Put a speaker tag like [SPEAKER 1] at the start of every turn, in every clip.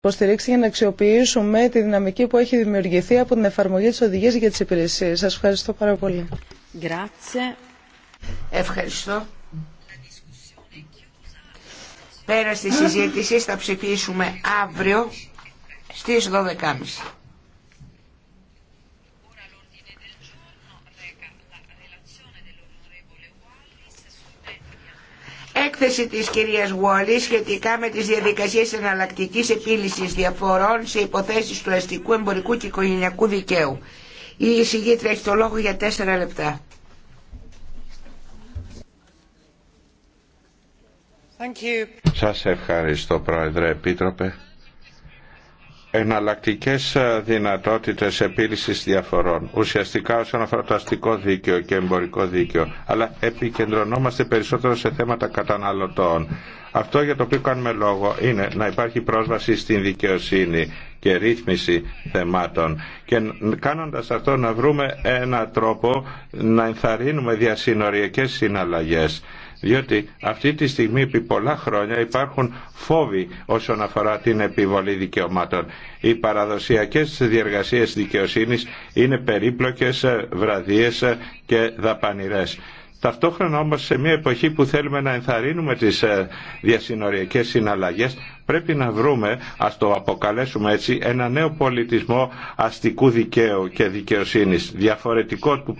[SPEAKER 1] υποστηρίξει για να αξιοποιήσουμε τη δυναμική που έχει δημιουργηθεί από την εφαρμογή της οδηγίας για τις υπηρεσίες. Σας ευχαριστώ πάρα πολύ.
[SPEAKER 2] Ευχαριστώ. Πέρα στη συζήτηση θα ψηφίσουμε αύριο στις 12.30. έκθεση της κυρίας Γουόλη σχετικά με τις διαδικασίες εναλλακτικής επίλυσης διαφορών σε υποθέσεις του αστικού, εμπορικού και οικογενειακού δικαίου. Η εισηγήτρια έχει το λόγο για τέσσερα λεπτά. Thank
[SPEAKER 3] Σας ευχαριστώ Πρόεδρε Επίτροπε. Εναλλακτικέ ε, δυνατότητες επίλυσης διαφορών ουσιαστικά όσον αφορά το αστικό δίκαιο και εμπορικό δίκαιο αλλά επικεντρωνόμαστε περισσότερο σε θέματα καταναλωτών αυτό για το οποίο κάνουμε λόγο είναι να υπάρχει πρόσβαση στην δικαιοσύνη και ρύθμιση θεμάτων και κάνοντας αυτό να βρούμε ένα τρόπο να ενθαρρύνουμε διασυνοριακές συναλλαγές διότι αυτή τη στιγμή επί πολλά χρόνια υπάρχουν φόβοι όσον αφορά την επιβολή δικαιωμάτων. Οι παραδοσιακές διεργασίες δικαιοσύνης είναι περίπλοκες, ε, βραδίες ε, και δαπανηρές. Ταυτόχρονα όμως σε μια εποχή που θέλουμε να ενθαρρύνουμε τις ε, διασυνοριακές συναλλαγές πρέπει να βρούμε, ας το αποκαλέσουμε έτσι, ένα νέο πολιτισμό αστικού δικαίου και δικαιοσύνης, διαφορετικό του,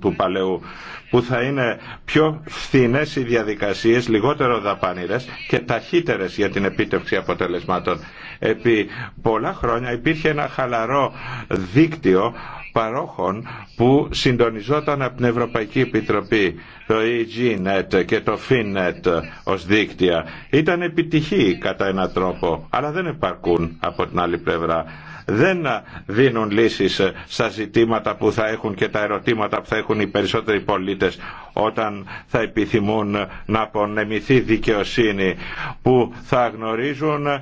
[SPEAKER 3] του παλαιού, που θα είναι πιο φθηνές οι διαδικασίες, λιγότερο δαπανηρές και ταχύτερες για την επίτευξη αποτελεσμάτων. Επί πολλά χρόνια υπήρχε ένα χαλαρό δίκτυο παρόχων που συντονιζόταν από την Ευρωπαϊκή Επιτροπή το EGNet και το FinNet ως δίκτυα. Ήταν επιτυχή κατά έναν τρόπο, αλλά δεν επαρκούν από την άλλη πλευρά δεν δίνουν λύσεις στα ζητήματα που θα έχουν και τα ερωτήματα που θα έχουν οι περισσότεροι πολίτες όταν θα επιθυμούν να απονεμηθεί δικαιοσύνη που θα γνωρίζουν ε,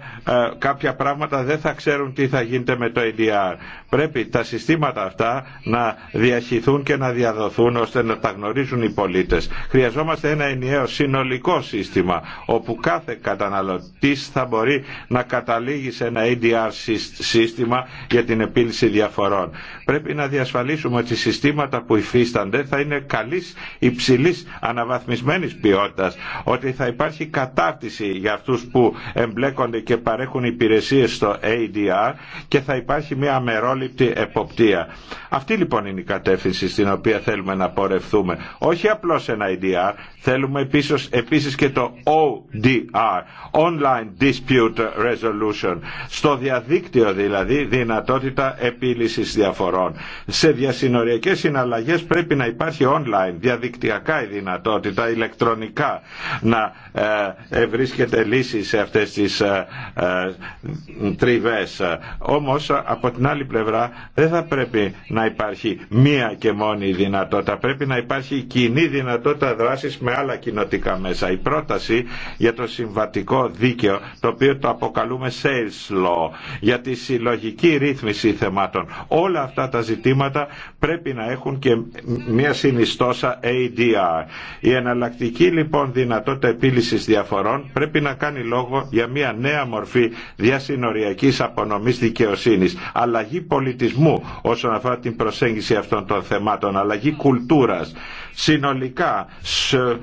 [SPEAKER 3] κάποια πράγματα δεν θα ξέρουν τι θα γίνεται με το EDR. Πρέπει τα συστήματα αυτά να διαχυθούν και να διαδοθούν ώστε να τα γνωρίζουν οι πολίτες. Χρειαζόμαστε ένα ενιαίο συνολικό σύστημα όπου κάθε καταναλωτής θα μπορεί να καταλήγει σε ένα EDR σύστημα για την επίλυση διαφορών. Πρέπει να διασφαλίσουμε ότι οι συστήματα που υφίστανται θα είναι καλής υψηλής αναβαθμισμένης ποιότητας, ότι θα υπάρχει κατάρτιση για αυτούς που εμπλέκονται και παρέχουν υπηρεσίες στο ADR και θα υπάρχει μια αμερόληπτη εποπτεία. Αυτή λοιπόν είναι η κατεύθυνση στην οποία θέλουμε να πορευθούμε. Όχι απλώς ένα ADR, θέλουμε επίσης, επίσης και το ODR, Online Dispute Resolution, στο διαδίκτυο δηλαδή δυνατότητα επίλυσης διαφορών. Σε διασυνοριακές συναλλαγές πρέπει να υπάρχει online, διαδικτυακά η δυνατότητα, ηλεκτρονικά να βρίσκεται ε, λύση σε αυτές τις ε, ε, τριβές. Όμως από την άλλη πλευρά δεν θα πρέπει να υπάρχει μία και μόνη δυνατότητα. Πρέπει να υπάρχει κοινή δυνατότητα δράσης με άλλα κοινοτικά μέσα. Η πρόταση για το συμβατικό δίκαιο, το οποίο το αποκαλούμε sales law, για τη συλλογική λογική ρύθμιση θεμάτων. Όλα αυτά τα ζητήματα πρέπει να έχουν και μια συνιστόσα ADR. Η εναλλακτική λοιπόν δυνατότητα επίλυσης διαφορών πρέπει να κάνει λόγο για μια νέα μορφή διασυνοριακής απονομής δικαιοσύνης, αλλαγή πολιτισμού όσον αφορά την προσέγγιση αυτών των θεμάτων, αλλαγή κουλτούρας συνολικά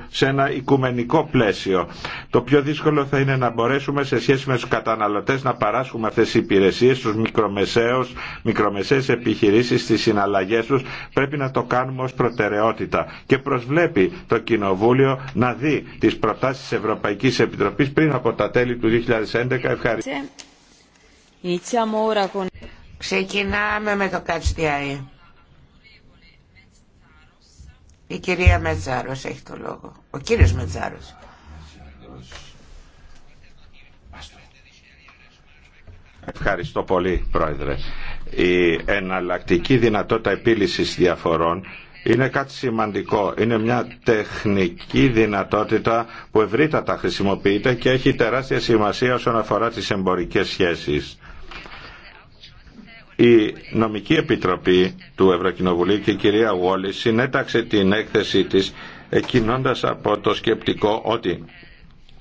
[SPEAKER 3] σε ένα οικουμενικό πλαίσιο. Το πιο δύσκολο θα είναι να μπορέσουμε σε σχέση με τους καταναλωτές να παράσχουμε αυτές τις υπηρεσίες στους μικρομεσαίους, μικρομεσαίες επιχειρήσεις στις συναλλαγές τους. Πρέπει να το κάνουμε ως προτεραιότητα και προσβλέπει το Κοινοβούλιο να δει τις προτάσεις της Ευρωπαϊκής Επιτροπής πριν από τα τέλη του 2011. Ευχαριστώ.
[SPEAKER 2] Ξεκινάμε με το Κατστιάι. Η κυρία Μετζάρος έχει το λόγο. Ο κύριος Μετζάρος.
[SPEAKER 3] Ευχαριστώ πολύ, Πρόεδρε. Η εναλλακτική δυνατότητα επίλυσης διαφορών είναι κάτι σημαντικό. Είναι μια τεχνική δυνατότητα που ευρύτατα χρησιμοποιείται και έχει τεράστια σημασία όσον αφορά τις εμπορικές σχέσεις. Η νομική επιτροπή του Ευρωκοινοβουλίου και η κυρία Γόλη συνέταξε την έκθεσή της εκκινώντας από το σκεπτικό ότι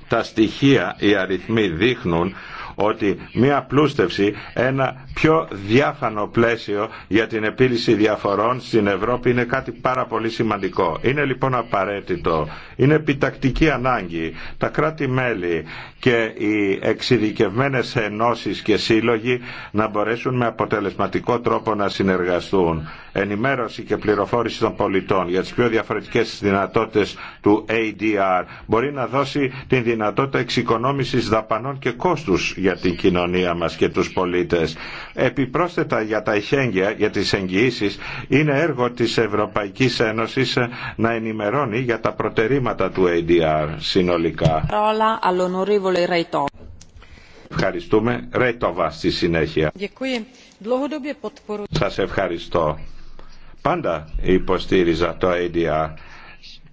[SPEAKER 3] τα στοιχεία, οι αριθμοί δείχνουν ότι μία πλούστευση, ένα πιο διάφανο πλαίσιο για την επίλυση διαφορών στην Ευρώπη είναι κάτι πάρα πολύ σημαντικό. Είναι λοιπόν απαραίτητο είναι επιτακτική ανάγκη. Τα κράτη-μέλη και οι εξειδικευμένες ενώσεις και σύλλογοι να μπορέσουν με αποτελεσματικό τρόπο να συνεργαστούν. Ενημέρωση και πληροφόρηση των πολιτών για τις πιο διαφορετικές δυνατότητες του ADR μπορεί να δώσει την δυνατότητα εξοικονόμησης δαπανών και κόστους για την κοινωνία μας και τους πολίτες. Επιπρόσθετα για τα ειχέγγυα, για τις εγγυήσεις, είναι έργο της Ευρωπαϊκής Ένωσης να ενημερώνει για τα προτερήματα προβλήματα του ADR συνολικά. Ευχαριστούμε. Ρέιτοβα στη συνέχεια. Σας ευχαριστώ. Πάντα υποστήριζα το ADR.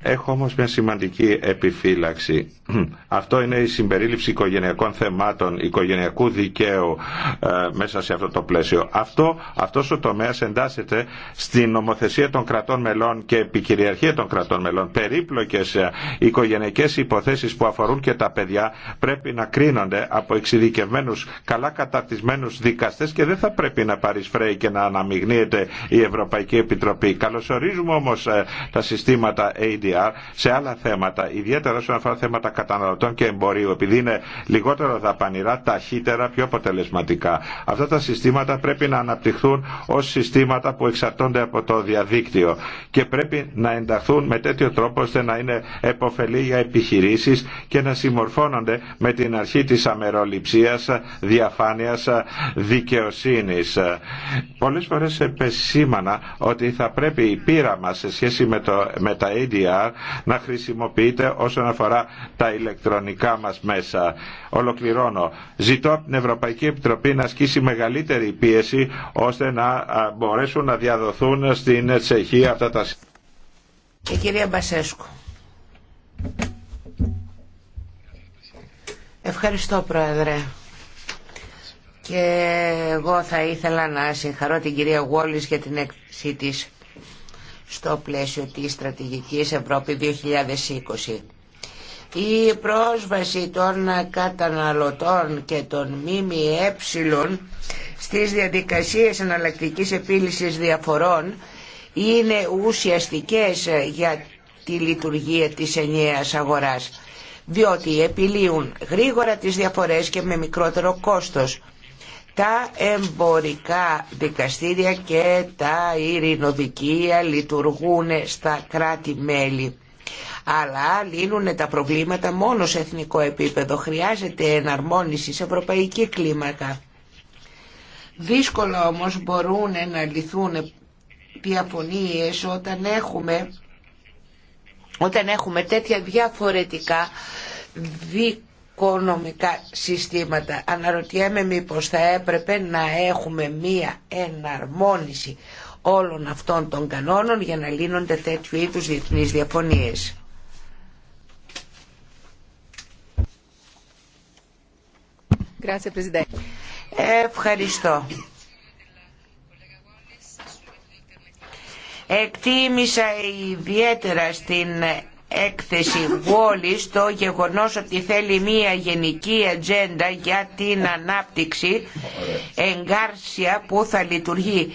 [SPEAKER 3] Έχω όμως μια σημαντική επιφύλαξη Αυτό είναι η συμπερίληψη οικογενειακών θεμάτων, οικογενειακού δικαίου ε, μέσα σε αυτό το πλαίσιο. Αυτό, αυτός ο τομέας εντάσσεται στην νομοθεσία των κρατών μελών και επικυριαρχία των κρατών μελών. Περίπλοκες ε, οικογενειακές υποθέσεις που αφορούν και τα παιδιά πρέπει να κρίνονται από εξειδικευμένους, καλά καταρτισμένους δικαστές και δεν θα πρέπει να παρισφρέει και να αναμειγνύεται η Ευρωπαϊκή Επιτροπή. Καλωσορίζουμε όμως ε, τα συστήματα ADR σε άλλα θέματα, ιδιαίτερα όσον αφορά θέματα καταναλωτών και εμπορίου, επειδή είναι λιγότερο δαπανηρά, ταχύτερα, πιο αποτελεσματικά. Αυτά τα συστήματα πρέπει να αναπτυχθούν ω συστήματα που εξαρτώνται από το διαδίκτυο και πρέπει να ενταχθούν με τέτοιο τρόπο ώστε να είναι επωφελή για επιχειρήσει και να συμμορφώνονται με την αρχή τη αμεροληψία, διαφάνεια, δικαιοσύνη. Πολλέ φορέ επεσήμανα ότι θα πρέπει η πείρα μα σε σχέση με, το, με τα ADR να χρησιμοποιείται όσον αφορά τα ηλεκτρονικά μας μέσα. Ολοκληρώνω. Ζητώ από την Ευρωπαϊκή Επιτροπή να ασκήσει μεγαλύτερη πίεση ώστε να μπορέσουν να διαδοθούν στην Τσεχία αυτά τα...
[SPEAKER 2] Και κυρία Μπασέσκου. Ευχαριστώ Πρόεδρε. Και εγώ θα ήθελα να συγχαρώ την κυρία Γουόλης για την έκθεση της στο πλαίσιο της στρατηγικής Ευρώπη 2020. Η πρόσβαση των καταναλωτών και των ΜΜΕ στις διαδικασίες εναλλακτική επίλυσης διαφορών είναι ουσιαστικές για τη λειτουργία της ενιαίας αγοράς διότι επιλύουν γρήγορα τις διαφορές και με μικρότερο κόστος. Τα εμπορικά δικαστήρια και τα ειρηνοδικεία λειτουργούν στα κράτη-μέλη αλλά λύνουν τα προβλήματα μόνο σε εθνικό επίπεδο. Χρειάζεται εναρμόνιση σε ευρωπαϊκή κλίμακα. Δύσκολα όμως μπορούν να λυθούν διαφωνίες όταν έχουμε, όταν έχουμε τέτοια διαφορετικά δικονομικά συστήματα. Αναρωτιέμαι μήπως θα έπρεπε να έχουμε μία εναρμόνιση όλων αυτών των κανόνων για να λύνονται τέτοιου είδους διεθνείς διαφωνίες. Ευχαριστώ. Εκτίμησα ιδιαίτερα στην έκθεση Wallis το γεγονός ότι θέλει μία γενική ατζέντα για την ανάπτυξη εγκάρσια που θα λειτουργεί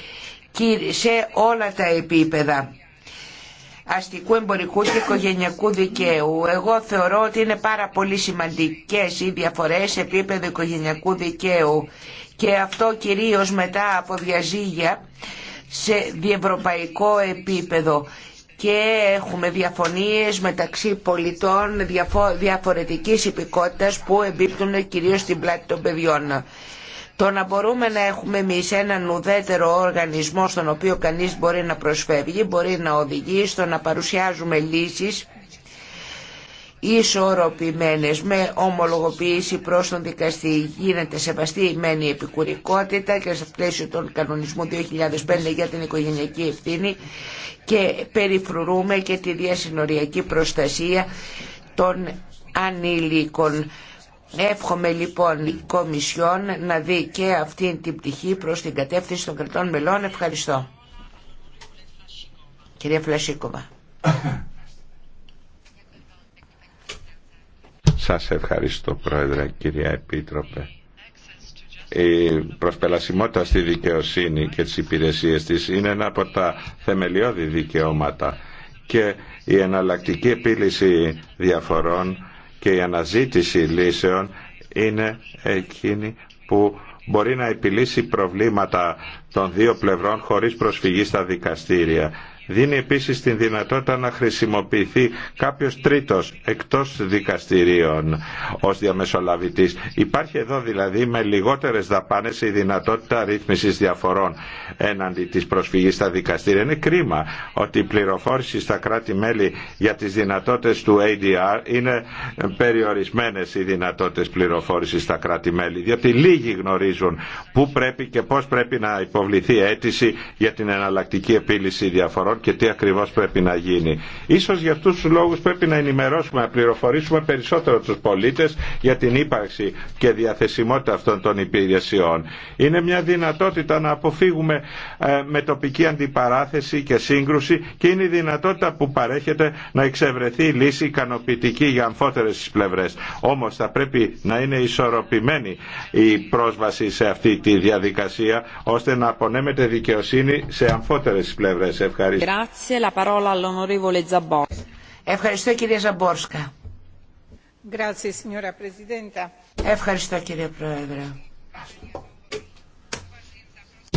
[SPEAKER 2] σε όλα τα επίπεδα αστικού, εμπορικού και οικογενειακού δικαίου. Εγώ θεωρώ ότι είναι πάρα πολύ σημαντικές οι διαφορές σε επίπεδο οικογενειακού δικαίου και αυτό κυρίως μετά από διαζύγια σε διευρωπαϊκό επίπεδο και έχουμε διαφωνίες μεταξύ πολιτών διαφορετικής υπηκότητας που εμπίπτουν κυρίως στην πλάτη των παιδιών. Το να μπορούμε να έχουμε εμεί έναν ουδέτερο οργανισμό στον οποίο κανείς μπορεί να προσφεύγει, μπορεί να οδηγεί στο να παρουσιάζουμε λύσεις ισορροπημένες με ομολογοποίηση προς τον δικαστή γίνεται σεβαστή ημένη η επικουρικότητα και στο πλαίσιο των κανονισμού 2005 για την οικογενειακή ευθύνη και περιφρουρούμε και τη διασυνοριακή προστασία των ανήλικων. Εύχομαι λοιπόν η Κομισιόν να δει και αυτή την πτυχή προς την κατεύθυνση των κρατών μελών. Ευχαριστώ. Κυρία Φλασίκοβα.
[SPEAKER 3] Σας ευχαριστώ Πρόεδρε, κυρία Επίτροπε. Η προσπελασιμότητα στη δικαιοσύνη και τις υπηρεσίες της είναι ένα από τα θεμελιώδη δικαιώματα και η εναλλακτική επίλυση διαφορών και η αναζήτηση λύσεων είναι εκείνη που μπορεί να επιλύσει προβλήματα των δύο πλευρών χωρίς προσφυγή στα δικαστήρια. Δίνει επίσης την δυνατότητα να χρησιμοποιηθεί κάποιος τρίτος εκτός δικαστηρίων ως διαμεσολαβητής. Υπάρχει εδώ δηλαδή με λιγότερες δαπάνες η δυνατότητα ρύθμισης διαφορών έναντι της προσφυγής στα δικαστήρια. Είναι κρίμα ότι η πληροφόρηση στα κράτη-μέλη για τις δυνατότητες του ADR είναι περιορισμένες οι δυνατότητες πληροφόρησης στα κράτη-μέλη, διότι λίγοι γνωρίζουν πού πρέπει και πώς πρέπει να υποβληθεί αίτηση για την εναλλακτική επίλυση διαφορών και τι ακριβώς πρέπει να γίνει. Ίσως για αυτούς τους λόγους πρέπει να ενημερώσουμε, να πληροφορήσουμε περισσότερο τους πολίτες για την ύπαρξη και διαθεσιμότητα αυτών των υπηρεσιών. Είναι μια δυνατότητα να αποφύγουμε ε, με τοπική αντιπαράθεση και σύγκρουση και είναι η δυνατότητα που παρέχεται να εξευρεθεί λύση ικανοποιητική για αμφότερες τις πλευρές. Όμως θα πρέπει να είναι ισορροπημένη η πρόσβαση σε αυτή τη διαδικασία ώστε να απονέμεται δικαιοσύνη σε αμφότερες πλευρές. Ευχαριστώ.
[SPEAKER 2] Ευχαριστώ κυρία Ζαμπόρσκα. Ευχαριστώ κύριε Πρόεδρε.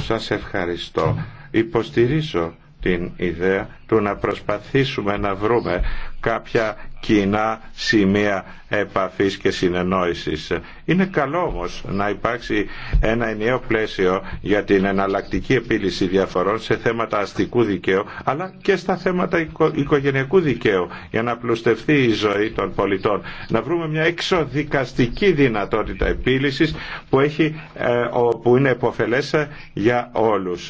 [SPEAKER 3] Σας ευχαριστώ. Υποστηρίζω την ιδέα του να προσπαθήσουμε να βρούμε κάποια κοινά σημεία επαφής και συνεννόησης. Είναι καλό όμως να υπάρξει ένα ενιαίο πλαίσιο για την εναλλακτική επίλυση διαφορών σε θέματα αστικού δικαίου αλλά και στα θέματα οικογενειακού δικαίου για να πλουστευτεί η ζωή των πολιτών. Να βρούμε μια εξοδικαστική δυνατότητα επίλυσης που, έχει, ε, που είναι υποφελές για όλους.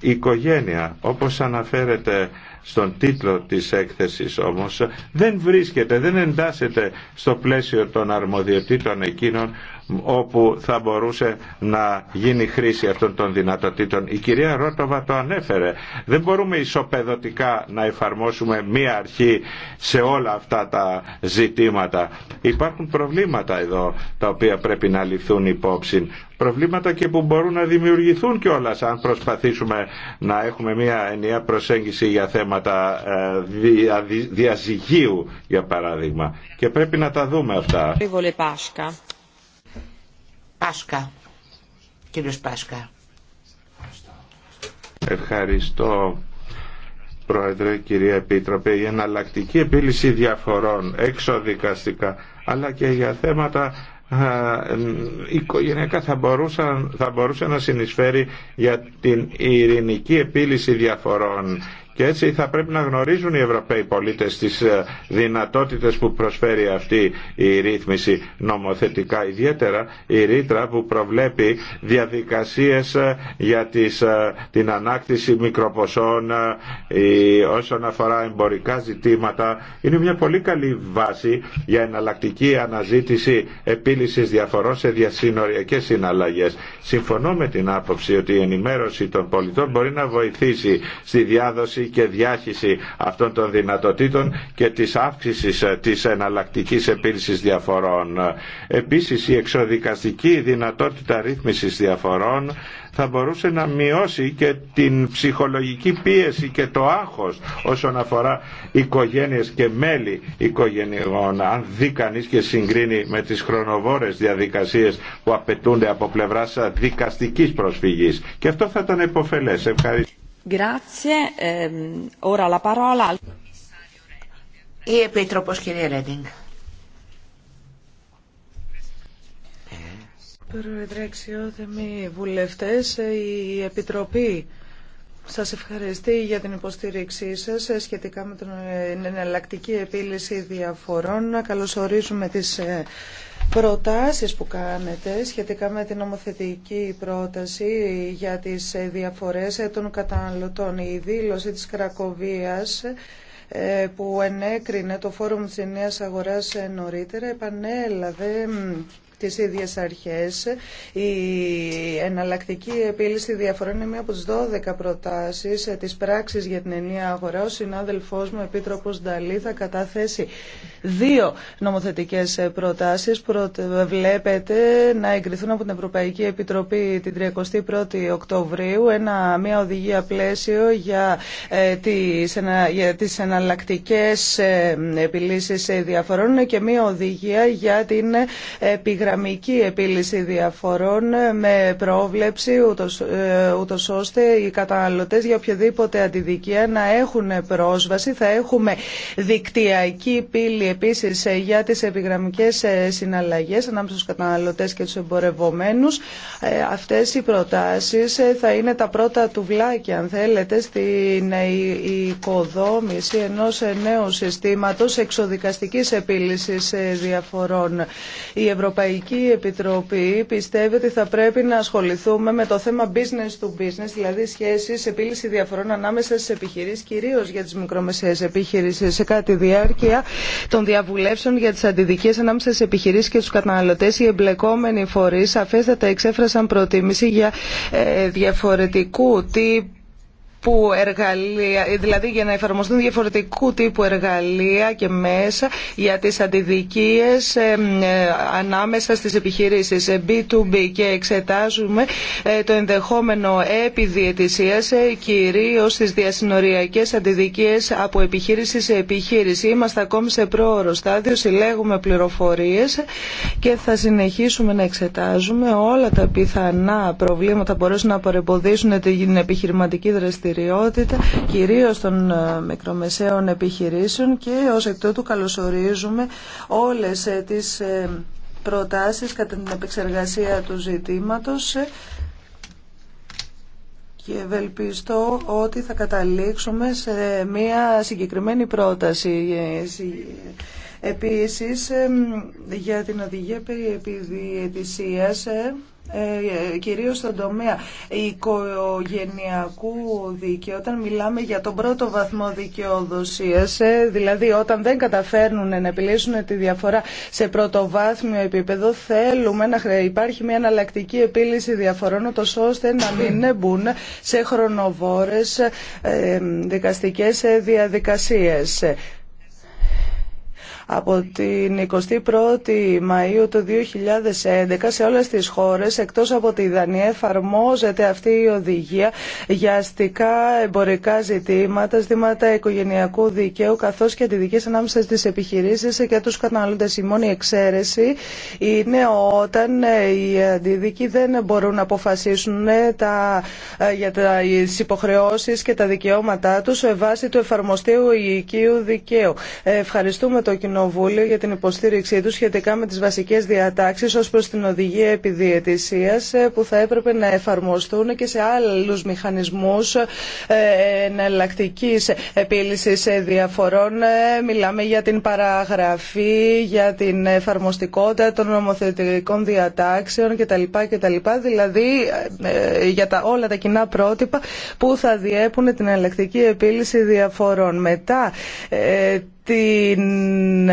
[SPEAKER 3] Η οικογένεια όπως αναφέρεται στον τίτλο της έκθεσης όμως δεν βρίσκεται, δεν εντάσσεται στο πλαίσιο των αρμοδιοτήτων εκείνων όπου θα μπορούσε να γίνει χρήση αυτών των δυνατοτήτων. Η κυρία Ρότοβα το ανέφερε. Δεν μπορούμε ισοπεδωτικά να εφαρμόσουμε μία αρχή σε όλα αυτά τα ζητήματα. Υπάρχουν προβλήματα εδώ τα οποία πρέπει να ληφθούν υπόψη προβλήματα και που μπορούν να δημιουργηθούν κιόλα αν προσπαθήσουμε να έχουμε μια ενιαία προσέγγιση για θέματα ε, διαζυγίου για παράδειγμα και πρέπει να τα δούμε αυτά. Πάσκα.
[SPEAKER 2] Κύριος Πάσκα.
[SPEAKER 3] Ευχαριστώ. Πρόεδρε, κυρία Επίτροπε, η εναλλακτική επίλυση διαφορών εξοδικαστικά αλλά και για θέματα οικογενειακά θα, μπορούσαν, θα μπορούσε να συνεισφέρει για την ειρηνική επίλυση διαφορών και έτσι θα πρέπει να γνωρίζουν οι Ευρωπαίοι πολίτες τις ε, δυνατότητες που προσφέρει αυτή η ρύθμιση νομοθετικά. Ιδιαίτερα η ρήτρα που προβλέπει διαδικασίες ε, για τις, ε, την ανάκτηση μικροποσών όσον αφορά εμπορικά ζητήματα. Είναι μια πολύ καλή βάση για εναλλακτική αναζήτηση επίλυσης διαφορών σε διασυνοριακές συναλλαγές. Συμφωνώ με την άποψη ότι η ενημέρωση των πολιτών μπορεί να βοηθήσει στη διάδοση και διάχυση αυτών των δυνατοτήτων και της αύξησης ε, της εναλλακτική επίλυσης διαφορών. Επίσης η εξοδικαστική δυνατότητα ρύθμισης διαφορών θα μπορούσε να μειώσει και την ψυχολογική πίεση και το άγχος όσον αφορά οικογένειες και μέλη οικογενειών αν δει κανείς και συγκρίνει με τις χρονοβόρες διαδικασίες που απαιτούνται από πλευράς δικαστικής προσφυγής και αυτό θα ήταν υποφελές. Ευχαριστώ.
[SPEAKER 2] Ehm, η Επίτροπος, κυρία Ρέντινγκ.
[SPEAKER 1] Πρόεδρε, αξιότιμοι βουλευτές, η Επιτροπή σας ευχαριστώ για την υποστήριξή σας ε, σχετικά με ε, την εναλλακτική επίλυση διαφορών. Να καλωσορίζουμε τις ε, προτάσεις που κάνετε σχετικά με την νομοθετική πρόταση για τις διαφορές των καταναλωτών. Η δήλωση της Κρακοβίας που ενέκρινε το Φόρουμ της Νέας Αγοράς νωρίτερα επανέλαβε τις ίδιες αρχές. Η εναλλακτική επίλυση διαφορών είναι μία από τις 12 προτάσεις της πράξης για την ενία αγορά. Ο συνάδελφός μου, Επίτροπος Νταλή, θα καταθέσει δύο νομοθετικές προτάσεις. Βλέπετε να εγκριθούν από την Ευρωπαϊκή Επιτροπή την 31η Οκτωβρίου μια οδηγία πλαίσιο για, ε, τις, για τις εναλλακτικές ε, επιλύσεις διαφορών και μια οδηγία για την ε, γραμμική επίλυση διαφορών με πρόβλεψη ε, ούτως, ώστε οι καταναλωτές για οποιαδήποτε αντιδικία να έχουν πρόσβαση. Θα έχουμε δικτυακή πύλη επίσης για τις επιγραμμικές ε, συναλλαγές ανάμεσα στους καταναλωτές και τους εμπορευομένους. Ε, αυτές οι προτάσεις θα είναι τα πρώτα τουβλάκια αν θέλετε στην οικοδόμηση ενός νέου συστήματος εξοδικαστικής επίλυσης διαφορών. Η Ευρωπαϊκή Ευρωπαϊκή Επιτροπή πιστεύει ότι θα πρέπει να ασχοληθούμε με το θέμα business to business, δηλαδή σχέσεις επίλυση διαφορών ανάμεσα στι επιχειρήσεις, κυρίως για τις μικρομεσαίες επιχειρήσεις σε κάτι διάρκεια των διαβουλεύσεων για τις αντιδικίες ανάμεσα στι επιχειρήσεις και τους καταναλωτές. Οι εμπλεκόμενοι φορείς αφέστατα εξέφρασαν προτίμηση για ε, διαφορετικού τύπου τύπου εργαλεία, ε, δηλαδή για να εφαρμοστούν διαφορετικού τύπου εργαλεία και μέσα για τις αντιδικίες ε, ε, ανάμεσα στις επιχειρήσεις B2B και εξετάζουμε το ενδεχόμενο επιδιαιτησίας κυρίως στις διασυνοριακές αντιδικίες από επιχείρηση σε επιχείρηση. Είμαστε ακόμη σε πρόωρο στάδιο, συλλέγουμε πληροφορίες και θα συνεχίσουμε να εξετάζουμε όλα τα πιθανά προβλήματα που μπορέσουν να παρεμποδίσουν την επιχειρηματική δραστηριότητα δραστηριότητα κυρίως των ε, μικρομεσαίων επιχειρήσεων και ως εκ τούτου καλωσορίζουμε όλες ε, τις ε, προτάσεις κατά την επεξεργασία του ζητήματος και ευελπιστώ ότι θα καταλήξουμε σε μια συγκεκριμένη πρόταση επίσης για την οδηγία περί επιδιαιτησίας ε, κυρίως στον τομέα οικογενειακού δικαίου, όταν μιλάμε για τον πρώτο βαθμό δικαιοδοσίας, ε, δηλαδή όταν δεν καταφέρνουν να επιλύσουν τη διαφορά σε πρωτοβάθμιο επίπεδο, θέλουμε να υπάρχει μια αναλλακτική επίλυση διαφορών, ώστε να μην μπουν σε χρονοβόρες ε, δικαστικές διαδικασίες. Από την 21η Μαΐου του 2011 σε όλες τις χώρες εκτός από τη Δανία εφαρμόζεται αυτή η οδηγία για αστικά εμπορικά ζητήματα, ζητήματα οικογενειακού δικαίου καθώς και αντιδικές ανάμεσα στις επιχειρήσεις και τους καταναλωτές. Η μόνη εξαίρεση είναι όταν ε, οι αντιδικοί δεν μπορούν να αποφασίσουν ε, τα, ε, για τις υποχρεώσεις και τα δικαιώματά τους βάση του εφαρμοστείου οικείου δικαίου. Ευχαριστούμε το κοινό Κοινοβούλιο για την υποστήριξή του σχετικά με τι βασικέ διατάξει ω προ την οδηγία επιδιαιτησία ε, που θα έπρεπε να εφαρμοστούν και σε άλλου μηχανισμού ε, εναλλακτική επίλυση ε, διαφορών. Μιλάμε για την παραγραφή, για την εφαρμοστικότητα των νομοθετικών διατάξεων κτλ. κτλ. Δηλαδή για τα, όλα τα κοινά πρότυπα που θα διέπουν την εναλλακτική επίλυση διαφορών. Μετά την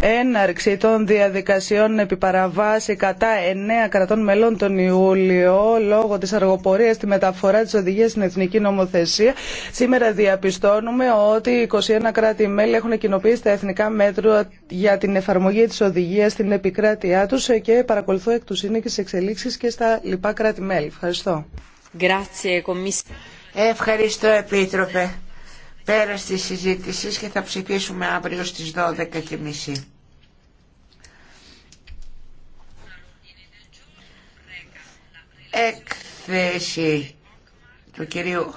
[SPEAKER 1] έναρξη των διαδικασιών επί παραβάση κατά εννέα κρατών μελών τον Ιούλιο λόγω της αργοπορίας στη μεταφορά της οδηγίας στην Εθνική Νομοθεσία. Σήμερα διαπιστώνουμε ότι 21 κράτη-μέλη έχουν κοινοποιήσει τα εθνικά μέτρα για την εφαρμογή της οδηγίας στην επικράτειά τους και παρακολουθώ εκ του σύνεκης εξελίξεις και στα λοιπά κράτη-μέλη. Ευχαριστώ.
[SPEAKER 2] Ευχαριστώ Επίτροπε. Πέρα τη συζήτηση και θα ψηφίσουμε αύριο στις 12.30. Έκθεση του κυρίου